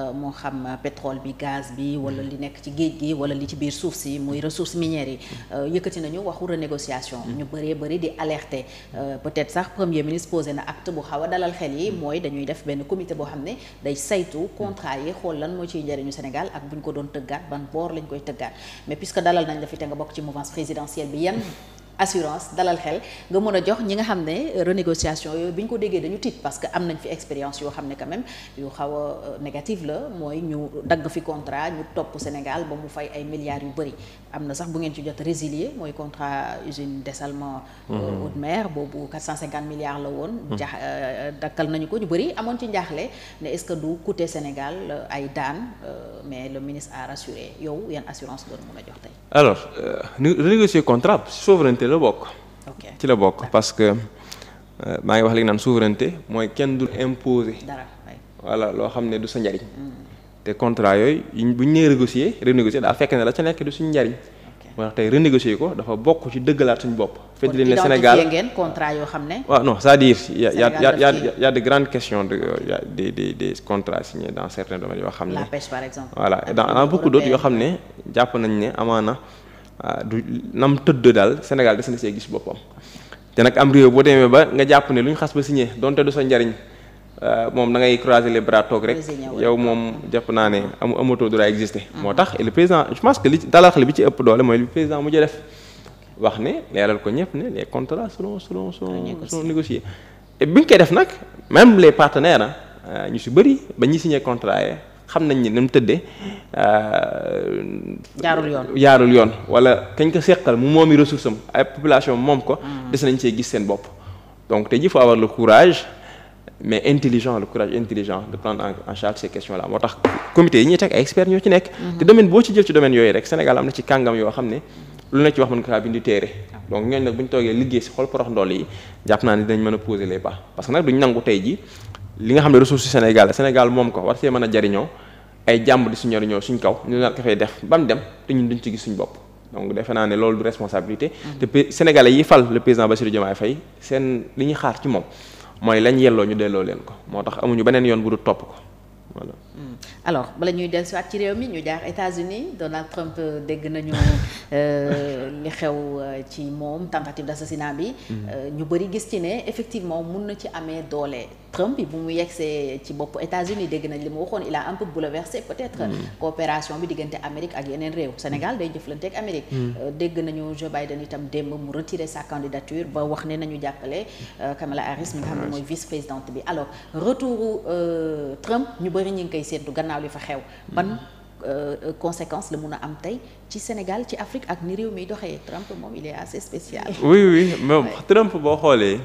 Euh, moo xam pétrole bi gaz bi wala li nekk ci géej gi wala li ci biir suuf si muy ressources minières yi euh, yëkkati nañu waxu renégociation mm-hmm. ñu bëree bëri di alerte euh, peut-être sax premier ministre posé na acte bu xaw a dalal xel yi mm-hmm. mooy dañuy def benn comité boo xam ne day saytu mm-hmm. contrat yi xool lan moo ci njëriñu Sénégal ak bu ñu ko doon tëggaat ban boor lañ koy tëggaat mais puisque dalal nañ la te nga bokk ci mouvance présidentielle bi yan assurance dalal xel nga mën a jox ñi nga xam ne renégociation yooyu bi ñu ko déggee dañu tiit parce que am nañ fi expérience yoo xam ne quand yu xaw a euh, négative la mooy ñu dagg fi contrat ñu topp Sénégal ba mu fay ay milliards yu bëri am na sax bu ngeen ci jot résilier mooy contrat usine dessalement euh, mhm. haute mer boobu 450 milliards la woon mhm. jaax euh, dakkal nañu ko ñu bëri amoon ci njaaxle ne est-ce que du couté Sénégal ay daan mais le ministre à rassuré yow yan assurance doon mën a jox tey alors renégocier contrat souveraineté souveraineté la bokk. ci la bokk parce que euh, maa ngi wax léegi naan souveraineté mooy kenn du imposer. dara voilà loo xam ne du sa njariñ. Mm. te contrat yooyu yu bu ñu nee renégocier renégocier daa fekk ne la ca nekk du suñu njariñ. waaw tey renégocier ko dafa bokk ci dëggalaat suñu bopp. fekk leen ne ngeen contrat yoo xam ne. waaw a y' a y' a de grandes questions de euh, des des des dans certains domaines yoo xam ne. la pêche dans beaucoup d'autres yoo xam ne jàpp nañ ne amaana. Ah, du nam tëdd daal Sénégal des na see gis boppam te nag am réew boo demee ba nga jàpp ne lu ñu xas ba signé donte du sa njariñ ah, moom da ngay croiser les bras rek yow moom jàpp naa ne am amatoo droit exister mm-hmm. moo tax le président je pense que li dalal xel bi ci ëpp doole mooy li président mu def wax ne leeral ko ñëpp ne les contrats seront seront seront négociés et bi ñu koy def nag même les partenaires ah, ñu si bëri ba ñuy signé contrat yi xam nañ ni ni mu tëddee. Euh, jaarul yoon jaarul yoon wala kañ ko seqal mu moomi ressource am ay population moom ko. Mm. des nañ see gis seen bopp. donc te jii faut avoir le courage mais intelligent le courage intelligent de prendre en charge ces questions là moo tax comité yi ñuy teg ay experts ñoo ci nekk. Mm-hmm. te domaine boo ci jël ci domaine yooyu rek Sénégal am na ci kàngam yoo xam ne. lu ne ci wax mën nga kaa bind téere donc ñooñu nag bu ñu toogee liggéey si xol porox ndool yi jàpp naa ni dinañ mën a poser les pas parce que nag duñ nangu tey ji li nga xam ne ressource Sénégal Sénégal moom ko war a jariñoo ay jàmb di suñu jariñoo suñ kaw ñu nar ko def ba mu dem te ñun duñ ci gis bopp donc defe naa ne loolu du responsabilité mm. te Sénégalais yi fal le président Bassirou seen li ñuy xaar ci moom mooy lañ yelloo ñu delloo leen ko moo tax amuñu beneen yoon bu du topp ko voilà. Hmm. alors bala ñuy dellu siwaat ci réew mi ñu jaar États-Unis Donald Trump euh, dégg nañu euh, li xew euh, ci moom tentative d'assassinat bi. Hmm. ñu bëri gis ci ne effectivement mun na ci amee doole. Trump bi bu mu yegsee ci bopp États-Unis dégg nañ li mu waxoon il a un peu bouleversé peut-être mm. coopération bi diggante Amérique ak yeneen réew Sénégal day jëflante ak Amérique mm. euh, dégg nañu Joe Biden itam démb mu retiré sa candidature ba wax ne nañu jàppale euh, Kamala Harris mi nga xam ne mooy vice présidente bi alors retouru euh, Trump ñu bëri ñu ngi koy séentu gannaaw li fa xew ban conséquence la mun a am tey ci Sénégal ci Afrique ak ni réew mi doxee Trump moom il est assez spécial oui oui boo xoolee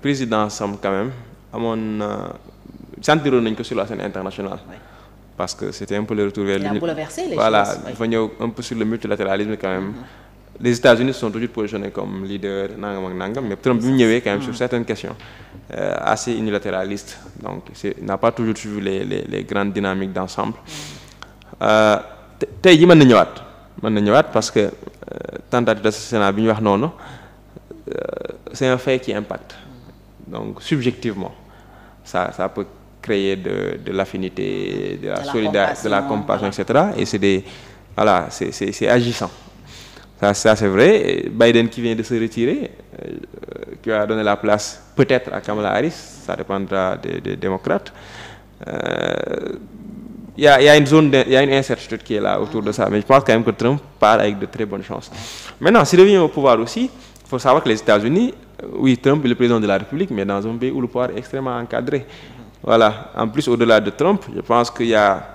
président sam quand amoon euh, sentiroon nañ ko sur la scène internationale. parce que c'était un peu le retour vers voilà dafa ñëw un le multilatéralisme quand même. Mm-hmm. les États-Unis sont toujours positionnés comme leader nangam ak nangam mais Trump bi mu ñëwee quand même sur mm-hmm. certaines questions euh, unilatéraliste donc c'est n'a pas toujours suivi les les les grandes dynamiques d'ensemble mm-hmm. euh, tey ji mën na ñëwaat mën na ñëwaat parce que euh, tentative d'assassinat bi ñu wax noonu c'est un fait qui impacte donc subjectivement ça ça peut créer de de l'affinité de la, la solidarité de la compassion etc et c'est des voilà c'est agissant c'est vrai Biden qui vient de se retirer euh, qui va donner la place peut-être à Kamala Harris ça dépendra des euh, y a une zone de, il y a une incertitude qui est là autour de ça mais je pense quand même que Trump part avec de très bonnes chances maintenant s'il revient au pouvoir aussi il savoir que les États-Unis oui, Trump est le président de la République, mais dans un pays où le pouvoir est extrêmement encadré. Voilà. En plus, au-delà de Trump, je pense qu'il y a,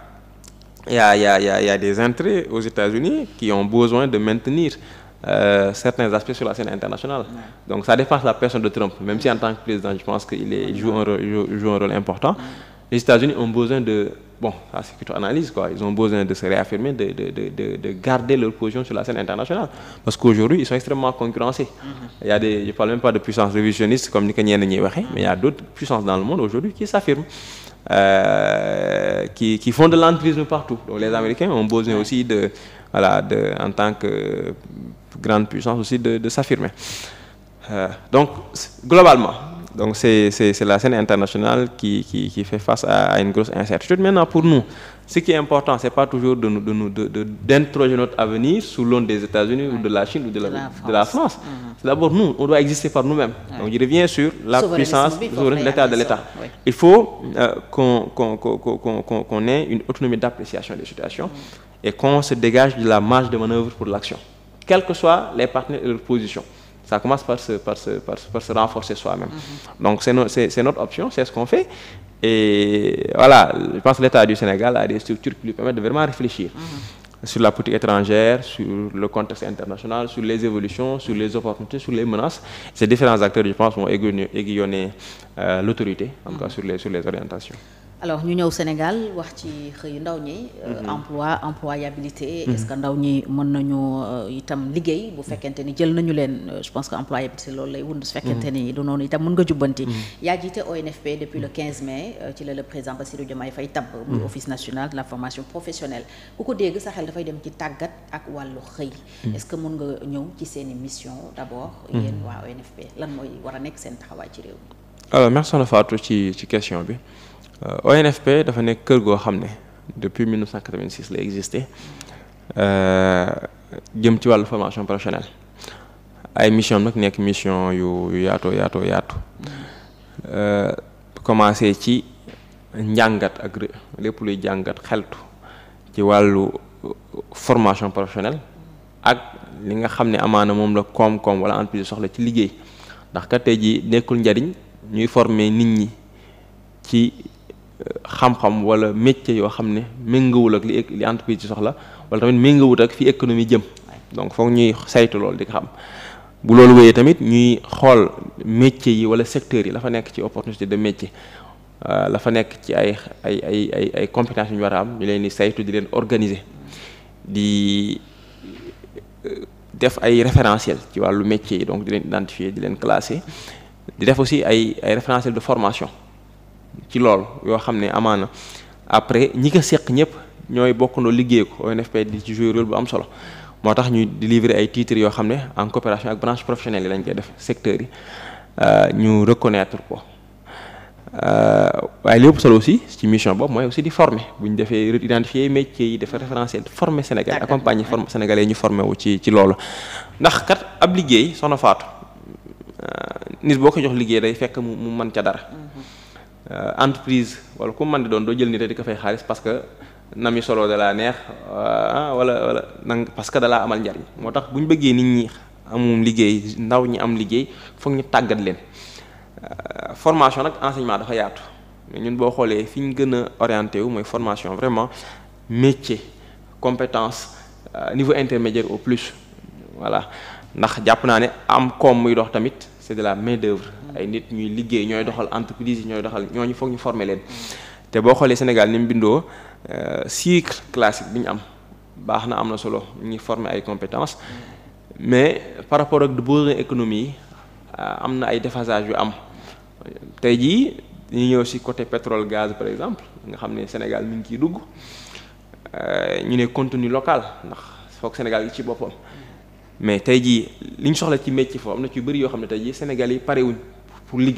il y, a, il y, a, il y a des entrées aux États-Unis qui ont besoin de maintenir euh, certains aspects sur la scène internationale. Ouais. Donc ça dépasse la personne de Trump, même si en tant que président, je pense qu'il joue, joue, joue, un rôle important. Ouais. Les États-Unis ont besoin de bon ça c'est plutôt analyse quoi ils ont besoin de se réaffirmer de de de de de garder leur position sur la scène internationale parce qu'aujourd'hui ils sont extrêmement concurrencés mhm. il y a des je parle même de puissance révisionniste comme ni ko ñenn ñuy waxee mais il y a d'autres puissances dans le monde aujourd'hui qui s'affirment euh, qui font de l'entrisme partout les Américains ont besoin aussi de en tant que grande puissance aussi de de s'affirmer euh, donc globalement Donc c'est c'est la scène internationale qui qui qui fait face à, une grosse incertitude. Maintenant pour nous, ce qui est important, c'est pas toujours de nous de nous de d'interroger notre avenir sous l'aune des États-Unis oui. ou de la Chine ou de la de la France. De mm-hmm. C'est d'abord nous, on doit exister par nous-mêmes. Oui. Donc sur la puissance de l'État de l'État. Il faut qu'on ait une autonomie d'appréciation des situations mm-hmm. et qu'on se dégage de la marge de manœuvre pour l'action, quels que soient les Ça commence par se, par se, par se, par renforcer soi-même. Mhm. Donc c'est, notre option, c'est ce qu'on fait. Et voilà, je pense que l'État du Sénégal a des structures qui lui permettent de vraiment réfléchir. Mm -hmm sur la politique étrangère, sur le contexte international, sur les évolutions, sur les opportunités, sur les menaces. Ces différents acteurs, je pense, vont aiguillonner euh, l'autorité, en tout cas mhm. les, sur les orientations. alors ñu ñëw Sénégal wax ci xëyu ndaw ñi. Euh, mhm. emploi employabilité. Mhm. est ndaw ñi mën nañu euh, itam liggéey bu fekkante ni jël nañu leen euh, je pense que employabilité loolu lay wund. su fekkente mhm. ni du noonu itam mën nga jubbanti. yaa jiite ONFP depuis le 15 mai ci la le président Bassirou Diomaye Faye tabb. muy office national de la formation professionnelle ku ko dégg sa xel dafay dem ci tàggat ak wàllu xëy. est-ce que mën nga ñëw ci seeni mission d'abord. yéen waa ONFP lan mooy war a nekk seen ci réew mi. alors ci ci question bi. Euh, ONFP dafa nekk kër goo xam ne depuis 1986 la existé euh, jëm ci wàllu formation professionnelle ay mission nag nekk mission yu yu yaatoo yaatoo yaatu euh, commencé ci njàngat ak lépp luy jàngat xeltu ci wàllu formation professionnelle ak li nga xam ne amaana moom la koom-koom wala entreprise soxla ci liggéey ndax kat tey ji nekkul njariñ ñuy forme nit ñi ci xam-xam wala métier yoo xam ne méngawul ak li e-, li entreprise ci soxla wala tamit méngawut ak fi économie jëm donc foog ñuy saytu loolu di ko xam bu loolu wéyee tamit ñuy xool métier yi wala secteurs yi la fa nekk ci opportunité de métier euh, la fa nekk ci ay ay ay ay ay compétences yu ñu war a am ñu leen di saytu di leen organiser di euh, def ay référentiel ci wàllu métier yi donc di leen identifier di leen classer di def aussi ay ay référentiel de formation ci loolu yoo xam ne amaana après ñi ko seq ñëpp ñooy bokk bokkandoo liggéey ko ONFP di ci jouer bu am solo moo tax ñuy délivrer ay titres yoo xam ne en coopération ak branche professionnelle yi lañ koy def secteurs yi euh, ñu reconnaître ko euh, waaye lépp solo aussi ci mission boobu mooy aussi di former bu ñu defee identifier métiers yi dafa référentiel former Sénégal accompagner former Sénégalais ñu former wu ci ci loolu ndax kat ab liggéey soxna Fatou euh, nit boo ko jox liggéey day fekk mu mën ca dara mm-hmm. Euh, entreprise wala ku man di doon doo jël nit di ko fay xaalis parce que na mi solo dalaa neex euh, ah, wala wala nang parce que dalaa amal njariñ moo tax bu ñu bëggee nit ñi amum liggéey ndaw ñi am liggéey foog ñu tàggat leen euh, formation nag enseignement dafa yaatu ñun boo xoolee fi ñu gën a orienté wu mooy formation vraiment métier compétence niveau intermédiaire au plus voilà ndax jàpp naa ne am koom muy dox tamit c'est de la main d'œuvre ay nit ñuy liggéey ñooy doxal entreprise yi ñooy doxal ñoo ñooñu foog ñu forme leen te boo xoolee Sénégal ni mu bindoo euh, cycle classique bi ñu am baax na am na solo ñu former ay compétences mais par rapport ak besoins économiques euh, yi am na ay déphasage yu am tey jii ñu ñëw si côté pétrole gaz par exemple nga xam ne Sénégal mi ngi ciy dugg euh, ñu ne contenu locale ndax foog Sénégal gi ci boppam mais tey jii li ñu soxla ci métier foofu am na ci bëri yoo xam ne tey jii Sénégal yi parewuñ pour liggéey.